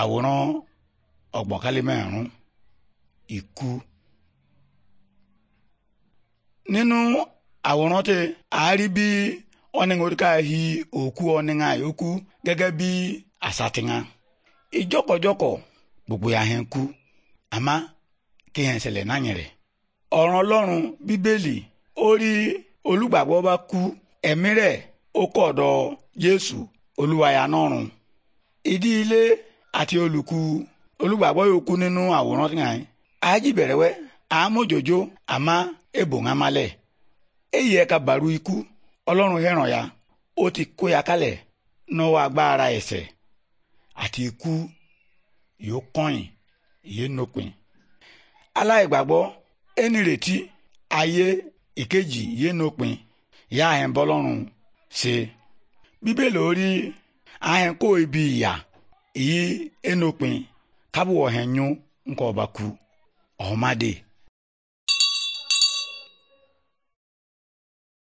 àwòrán ọ̀gbọ̀nkálẹ̀ mẹ́rùn ikú. nínú àwòrán tẹ àárí bí ọ̀nìyàn ká hi òkú ọ̀nìyàn àyókù gẹ́gẹ́ bí àsàtìyàn ìjọkọ̀jọkọ̀ gbogbo yà hẹ́n kú àmá kí hẹ́n ṣẹlẹ̀ náà ọlọ́run bíbélì ó rí olùgbàgbọ́ bá kú ẹ̀mí rẹ̀ ó kọ̀ ọ̀dọ̀ àti olùkú olùgbàgbọ́ yòókù nínú àwòrán tí yàn ájì bẹ̀rẹ̀wẹ́ àmójòjò àmá ebòn amalẹ̀ èyí ẹ̀ka bàrú ikú ọlọ́run hẹ̀ràn ya ó ti kó ya kálẹ̀ náwó agbára ẹ̀ṣẹ̀ àti ikú yóò kọ́yìn yé nopin aláìgbàgbọ́ ẹni retí ayé ìkejì yé nopin yá ẹ̀ ń bọ́lọ́run ṣe bíbélì orí ahẹ́ńkó ibi ìyà yi enokpin nyo nke nkɔbaku ɔhomade